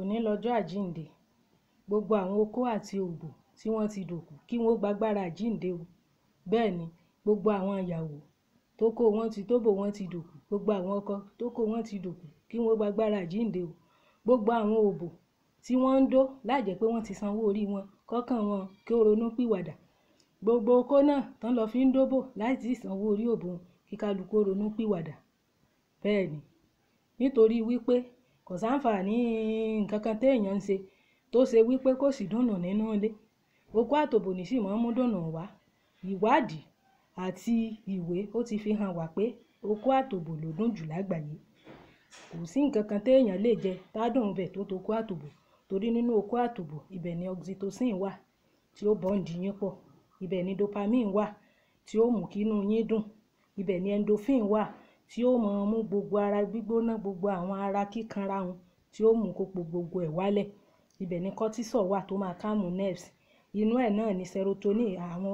òní lọ́jọ́ àjíǹde gbogbo àwọn okó àti ògbò tí wọ́n ti dòkú kí wọ́n gbàgbára àjíǹde o bẹ́ẹ̀ ni gbogbo àwọn ìyàwó tó kó wọn ti tóbò wọn ti dòkú gbogbo àwọn ọkọ tó kó wọn ti dòkú kí wọ́n gbàgbára àjíǹde o gbogbo àwọn òbò tí wọ́n ń dó láìjẹ́ pé wọ́n ti sanwó orí wọn kọ́kàn wọn kí ó ronú pìwàdà gbogbo okó náà tán lọ fi ń dóbò láì tí ì sanwó orí òbò kí kálukú ronú pìwàdà bẹ́ẹ̀ ni nítorí wípé kò sáǹfààní nǹkan kan téèyàn ń ṣe tó ṣe wípé kò sí dùnnù nínú ilé okó àtòbò ní sì máa ń mú dùnnù wá ìwádìí àti ìwé ó ti fi hàn wá pé okó àtòbò ló dùn jù lágbàáyé kò sí nǹkan kan téèyàn lè jẹ tádùn bẹ̀ tó tokó àtòbò torí nínú okó àtòbò ibẹ̀ ni oxytocin wà tí ó bọ́ǹdì yín pọ̀ ibẹ̀ ni dopamine wà tí ó mú kínú yín dùn ibẹ̀ ni endorphin wà tí ó mọ mú gbogbo ara gbígbóná gbogbo àwọn ara kíkanra wọn tí ó mú kó po gbogbo ẹ̀ wálẹ̀ ibẹ̀ ni cortisol wà tó máa calm nerves inú ẹ̀ náà ni serotonin àwọn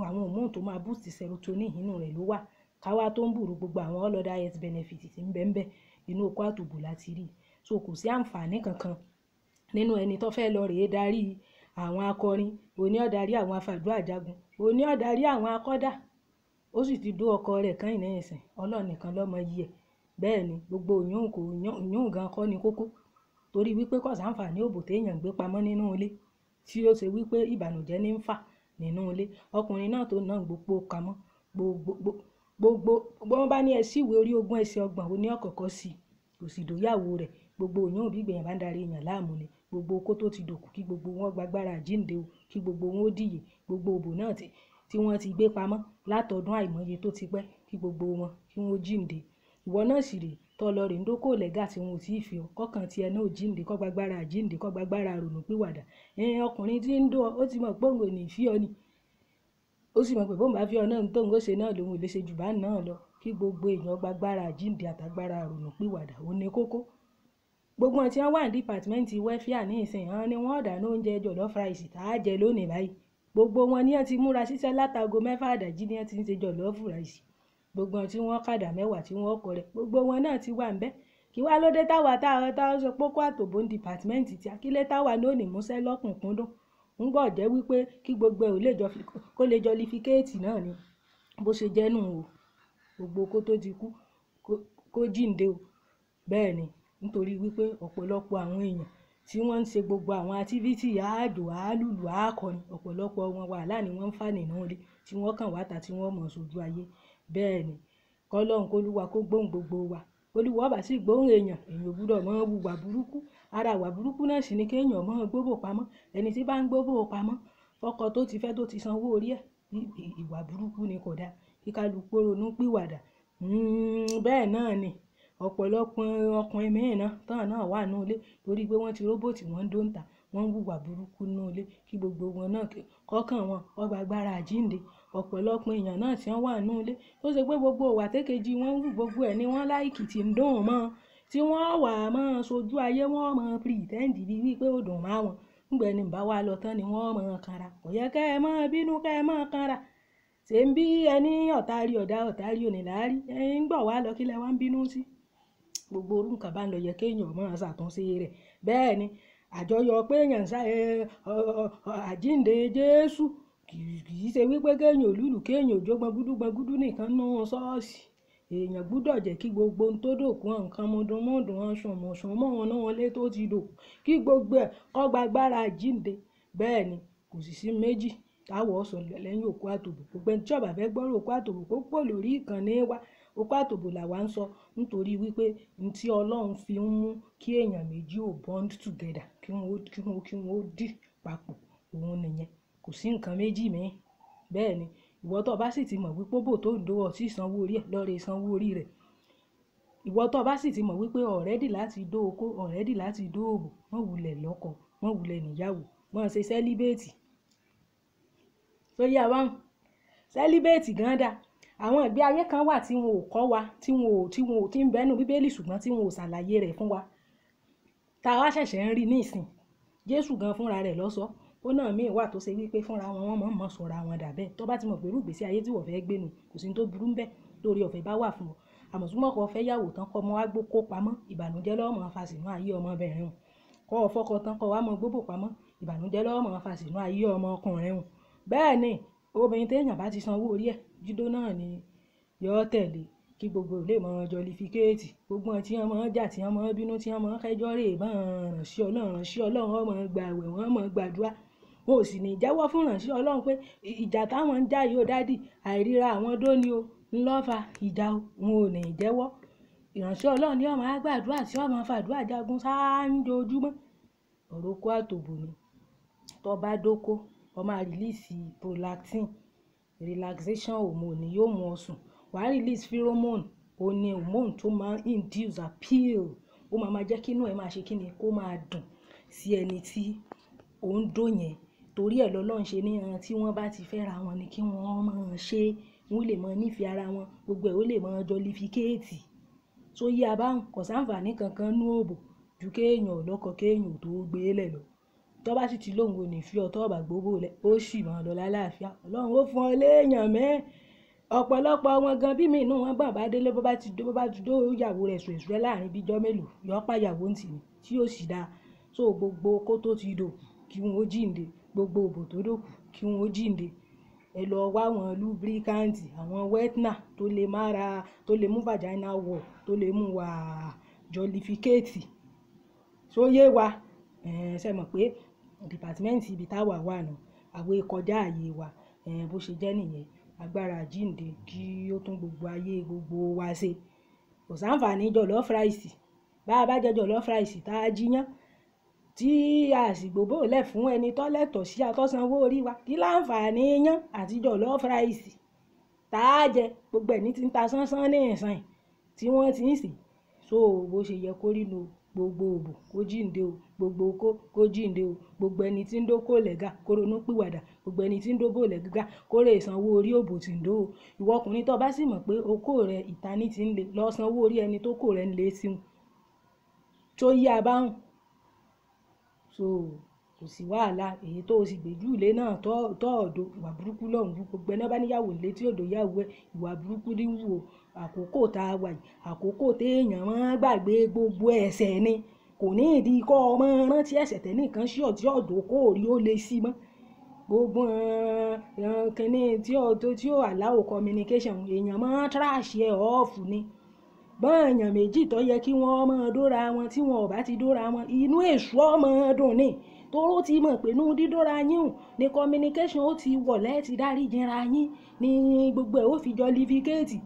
hormone tó máa boost serotonin inú rẹ̀ ló wà káwá tó ń bùrù gbogbo àwọn all other health benefits tí ń bẹ ń inú okó àtòbò láti rí so kò sí àǹfààní kankan nínú ẹni tó fẹ́ lọ rèé darí àwọn akọrin òní ó àwọn afàdúrà jagun òní àwọn akọ́dà ó sì ti dó ọkọ rẹ̀ kẹ́yìn náà ẹ̀sìn ọlọ́run nìkan lọ́mọ yìí ẹ̀ bẹ́ẹ̀ ni gbogbo ìyóhùn kò ìyóhùn gan kọ́ ni kókó torí wípé kò sáǹfààní òbò téèyàn gbé pamọ́ nínú ilé tí ó ṣe wípé ìbànújẹ́ ní ń fà nínú ilé ọkùnrin náà tó náà gbogbo kamọ́ gbogbo gbogbo wọn bá ní ẹ síwèé orí ogún ẹsẹ ọgbọ̀n òní ọ̀kọ̀ọ̀kọ̀ sí i kò sì dòyàwó rẹ̀ gbogbo òyìnbó bí gbẹ̀yìn bá ń darí èèyàn láàmú ni gbogbo kó tó ti dòkú kí gbogbo wọn gbagbára àjíǹde o kí gbogbo wọn ó dìyè gbogbo òbò náà ti tí wọ́n ti gbé pamọ́ látọdún àìmọye tó ti pẹ́ kí gbogbo wọn kí wọ́n jíǹde ìwọ náà sì rè tọ́ lọ rè ń dókò lẹ́gà tí wọn ò tí ì fi ọ kọ́kàn tiẹ̀ náà jíǹde kọ́ gbagbára jíǹde kọ́ gbagbára ronú pìwàdà ẹ̀yin ọkùnrin tí ń dó ọ ó ti mọ̀ pé òun ò ní í fi ọ ni ó sì mọ̀ pé bóun bá fi ọ náà ń tóun ó ṣe náà lòun ò lè ṣe jù bá náà lọ kí gbogbo èèyàn gbagbára jíǹde àtàgbára ronú pìwàdà ó ní kókó gbogbo wọn tí wọn wà ní dìpàtímẹ́ǹtì wẹ́fíà ní ìsìn hàn ni wọn ọ̀dà ní oúnjẹ jọ̀lọ́fù ráìsì tá a jẹ lónìí báyìí gbogbo wọn ni wọ́n ti múra ṣiṣẹ́ látago mẹ́fà àdájí ni wọ́n ti ń ṣe jọ̀lọ́ọ̀fù ráìsì gbogbo wọn tí wọ́n kàdà mẹ́wàá tí wọ́n kọ rẹ̀ gbogbo wọn náà ti wà ń bẹ̀ kí wá ló dé táwa táwa táwa sọ pé kó àtòbó ń dìpàtímẹ́ǹtì tí akílẹ̀ táwa náà ní múṣẹ́ lọ́kùnkúndùn ń gbọ́ jẹ́ wípé kí gbogbo ẹ̀ kó lè jọlifíkéètì náà ni bó ṣe jẹ́ nù o gbogbo kó tó ti kú kó jíǹde o bẹ́ẹ̀ ni nítorí wípé ọ̀pọ̀lọpọ̀ àwọn èèyàn tí wọ́n ń ṣe gbogbo àwọn activity àádò àálùlù àákọni ọ̀pọ̀lọpọ̀ wọn wàhálà ni wọ́n ń fà nínú rí tí wọ́n kàn wá ta tí wọ́n mọ̀ sójú ayé bẹ́ẹ̀ ni kọ́lọ́hún kólúwa kó gbóhùn gbogbo wa olúwa ọba sì gbóhùn èèyàn èèyàn gbúdọ̀ mọ́ wùwà burúkú ara wà burúkú náà sì ni kéèyàn mọ́ gbóbò pamọ́ ẹni tí bá ń gbóbò pamọ́ fọkọ tó ti fẹ́ tó ti sanwó orí ẹ̀ ìwà burúkú ni kò dáa kíkálukú ronú pìwàdà hmm, bẹ́ẹ̀ náà ni ọ̀pọ̀lọpọ̀ ọkùnrin mìíràn náà táwọn náà wà nínú ilé torí pé wọ́n ti róbòtì wọ́n ń dóńtà wọ́n ń hùwà burúkú nínú ilé kí gbogbo wọn náà kọ́kàn wọn ọgbà agbára àjínde ọ̀pọ̀lọpọ̀ èèyàn náà tí wọ́n wà nínú ilé tó ṣe pé gbogbo ìwà tékejì wọn ń hù gbogbo ẹ̀ ni wọ́n láìkì tí ń dùn mọ́ tí wọ́n wà mọ́ sojú ayé wọ́n mọ́ pìrìtẹ́ǹdì bíi wípé ó dùn máa wọn ńgbẹ́ ni bá wa lọ tán ni wọ́n mọ́ kanra kò yẹ kẹ́ ẹ mọ́ bínú kẹ́ ẹ mọ́ kanra ṣé ń bí ẹni ọ̀tá ọ̀dá ọ̀tá rí gbogbo orú nǹkan bá ń lọ yẹ kéèyàn máa ṣàtúnṣe rẹ̀ bẹ́ẹ̀ ni àjọyọ̀ pé èèyàn ṣá àjínde Jésù kì í ṣe wípé kéèyàn òlúlù kéèyàn òjò gbọngúdú gbọngúdú nìkan nú ṣọ́ọ̀ṣì èèyàn gbúdọ̀ jẹ́ kí gbogbo ohun tó dòkú nǹkan mọ̀dùnmọ́dùn ṣànmọ̀ṣàn mọ́ wọn náà wọlé tó ti dòkú kí gbogbo ẹ̀ kọ́ gbàgbára àjínde bẹ́ẹ̀ ni kò sì sí méjì táwọ̀ sọ lẹ́yìn òkú àtòbò gbogbo ẹni tí ọ̀bà fẹ́ gbọ́rọ̀ òkú àtòbò kó pọ̀ lórí ìkànnì wa okó àtòbò làwa ń sọ nítorí wípé ní tí ọlọ́run fi ń mú kí èèyàn méjì ò bond together kí wọ́n kí wọ́n kí wọ́n dì papọ̀ òun nìyẹn kò sí nǹkan méjì mi bẹ́ẹ̀ ni ìwọ tó o bá sì ti mọ̀ wípé bò tó ń dówó sí ìsanwó orí ẹ̀ lọ́ọ́ rẹ ìsanwó orí rẹ̀ ìwọ tó o bá sì ti mọ̀ wípé ọ̀rẹ́dì láti dó okó ọ̀rẹ́dì láti dó òbò wọ́n wulẹ̀ lọ́kọ wọ́n wulẹ̀ níyàwó wọ́n ṣe sẹ́líbéètì tó yẹ àwọn sẹ́líbéètì gan dáa àwọn ìgbé ayé kan wà tí wọn ò kọ́ wa tí wọn ò tí wọn ò tí ń bẹ́nu bíbélì ṣùgbọ́n tí wọn ò ṣàlàyé rẹ̀ fún wa tá a wá ṣẹ̀ṣẹ̀ ń rí nísìn jésù gan fúnra rẹ̀ ló sọ ó náà míì wà tó ṣe wípé fúnra wọn wọn mọ̀ọ́mọ̀ sọ̀rọ̀ àwọn dà bẹ́ẹ̀ tó bá ti mọ̀ pé irú ìgbésí ayé tí wọ́n fẹ́ gbé nu kò sí ní tó burú bẹ́ẹ̀ lórí ọ̀fẹ́ bá wà fún ọ àmọ̀túnmọ̀ kọ́ fẹ́ yàwó tán kọ́ ọmọ wa gbó kó pamọ́ ìbànújẹ́ lọ́wọ́ mọ́ afasìnú ayé ọmọbìnrin hùn kọ́ ọ fọ́kọ tán kọ́ wa mọ́ gbóbò pamọ́ ìbànújẹ́ lọ́wọ́ mọ́ afasìnú ayé ọmọkùnrin hùn bẹ́ẹ̀ ni obìnrin téèyàn bá ti sanwó orí ẹ̀ jídó náà ni yọ tẹ̀lé kí gbogbo lè mọ jọlifíkéètì gbogbo tí wọn mọ jà tí wọn mọ bínú tí wọn mọ kẹjọ rè mọ ránṣẹ́ Ọlọ́run ránṣẹ́ Ọlọ́run wọn mọ gbàwẹ̀ wọn mọ gbàdúrà wọn ò sì ní jẹ́wọ́ fún ránṣẹ́ Ọlọ́run pé ìjà táwọn ń já yìí ó dádì àìríra àwọn dóni o ńlọ́fà ìjà wọn ò ní jẹ́wọ́ ìránṣẹ́ Ọlọ́run ni ọmọ àgbàdúrà tí ọmọ fàdúrà jagun sáà ń jojúmọ́ ọ̀rọ̀ kó àtòbò ni tó bá dóko ọmọ àrílíìsì prolactin relaxation hormone yóò mú ọ sùn wàá release pheromone ó ní hormone tó máa ń induce appeal ó máa máa jẹ́ kí inú ẹ̀ máa ṣe kí ni kó máa dùn sí ẹni tí ó ń dó yẹn torí ẹ̀ lọ́lọ́run ṣe níran tí wọ́n bá ti fẹ́ra wọn ni kí wọ́n máa ṣe wọ́n lè máa nífẹ̀ẹ́ ara wọn gbogbo ẹ̀ ó lè máa jọlifíkéètì tó yí abáhùn kò sáǹfààní kankan nú òbò ju kéèyàn ọlọ́kọ kéèyàn tó gbé lẹ̀ lọ tó bá sì ti lóhùn ò ní fi ọtọ́ ọ̀bà gbogbo rẹ̀ ó sì máa lọ lálàáfíà ọlọ́run ó fún ọ léèyàn mẹ́ẹ̀ ọ̀pọ̀lọpọ̀ wọn gan bí mi inú wọn bàbá délé bó ti dó bó ti dó ìyàwó rẹ̀ sùn èsùrẹ́ láàrin bíi jọ́ mélòó yọ̀ọ́pá ìyàwó ń tì tí ó sì dáa so gbogbo kó tó ti dò kí wọn ó jíǹde gbogbo òbò tó dòkù kí wọn ó jíǹde ẹ lọ wá àwọn lúbíríkàǹtì àwọn wẹ́tnà tó lè mára tó lè mú vagina wọ̀ tó lè mú wà jọlifíkẹ́ẹ̀tì sóyè wa ẹ̀ ṣe mọ̀ pé dìpátímẹ́ǹtì ibi táwa wà nù àwọn ìkọjá ààyè wa bó ṣe jẹ́ nìyẹn agbára àjíǹde kí ó tún gbogbo ayé gbogbo wa ṣe kò sáǹfààní jọ̀lọ́ọ̀fù ráìsì bá a bá jẹ jọ̀lọ́ọ̀fù ráìsì tá a jiyán tí a sì gbòbó lẹ̀ fún ẹni tọ́lẹ̀tọ̀ sí atọ́sanwó orí wa kí láǹfààní yán àti jọ̀lọ́ọ̀fù ráìsì tá a jẹ gbogbo ẹ̀ ní ti ń ta sánsán ní ìsàn tí wọ́n ti ń sìn so bó ṣe yẹ kó rí nu o gbogbo òbò kó jíǹde o gbogbo okó kó jíǹde o gbogbo ẹni tí ń dókò lẹ́gà kó ronú pìwàdà gbogbo ẹni tí ń dóbò lẹ́gà kó rè orí òbò tí ń dó o ìwọ ọkùnrin tó bá sì mọ̀ pé okó rẹ ìtaní ti ń le lọ sanwó orí ẹni tó kò rẹ ń le sí un tó yí abáhùn kò sí wàhálà èyí tó o sì gbèjú ilé náà tọ́ ọ̀dọ̀ ìwà burúkú lọ́hùn ún gbogbo ẹná bá níyàwó ilé tí ọ̀dọ̀ yàwó ẹ̀ ìwà burúkú ní wù ọ́ àkókò tá a wà yìí àkókò téèyàn máa gbàgbé gbogbo ẹ̀ṣẹ̀ ni kò ní ìdí kọ́ ọmọ rántí ẹ̀ṣẹ̀ tẹ́nìkan sí ọ̀tí ọ̀dọ̀ kó o rí ó lè sí mọ́ gbogbo kínní tí ó tí ó allow communication èèyàn máa trash ẹ̀ ọ́ọ̀fù ni bọ́ọ̀yàn méjì tó yẹ kí wọ́n máa dóra wọn tí wọn ò bá ti dóra wọn inú èṣù ọmọ dùn ni tóró ti mọ̀ pé nú dídóra yín hù ní communication ó ti wọ̀ lẹ́ẹ̀tì dárí jẹra yín ní gbogbo ẹ̀ ó fi jọ lifikéètì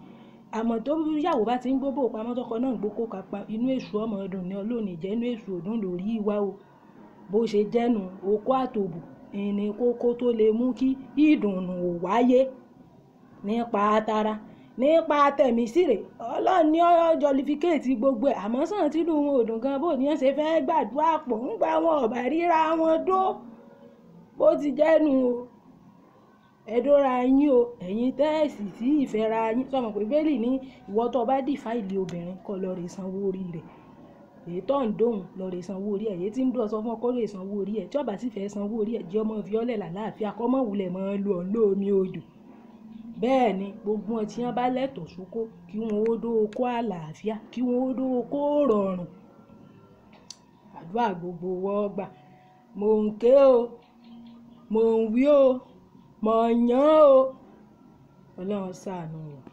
àmọ́ tó yàwó bá ti ń gbóbò pamọ́ tọkọ náà gbókó kápá inú èṣù ọmọ ọdún ní ọlọ́ọ̀nì jẹ́ inú èṣù ọdún lórí ìwá o bó ṣe jẹ́nu okó àtòbù ìní kókó tó lè mú kí ìdùnnú wáyé nípa atara nípa tẹ̀mí síre ọlọ́run ní jọlifíkẹ́ẹ̀tì gbogbo ẹ̀ àmọ́ sàn tínú wọn ò dùn gan bó ní ṣe fẹ́ gbàdúrà pọ̀ ń gba wọn ọ̀bà ríra wọn dó bó ti jẹ́nu o ẹ̀dọ́ra yín o ẹ̀yin tẹ́ẹ̀sì sí ìfẹ́ra yín sọmọ pé bẹ́ẹ̀lì ní ìwọ tó bá dì fáìlì obìnrin kó lọ rè sanwó orí rẹ̀ èyí tó ń dóhùn lọ rè sanwó orí ẹ̀ èyí tí ń dùn ọ̀sán fún ọkọ rè sanwó orí ẹ̀ tí ọba sì fẹ́ sanwó orí ẹ̀ jẹ́ ọmọ fiọ́lẹ̀ làlàáfíà kọ́mọ̀wulẹ̀ mọ́ lò ń lò omi odò bẹ́ẹ̀ ni gbogbo ẹ̀ tí wọ́n bá lẹ́tọ̀ọ́ sóko kí wọ́n ó dó oko àlàáfíà kí wọ́n ó dó oko rọrùn àdúrà gbogbo wọ́n gbà mò ń ké o mò ń wí o mò ń yán o ọlọ́run ṣàánú wọn.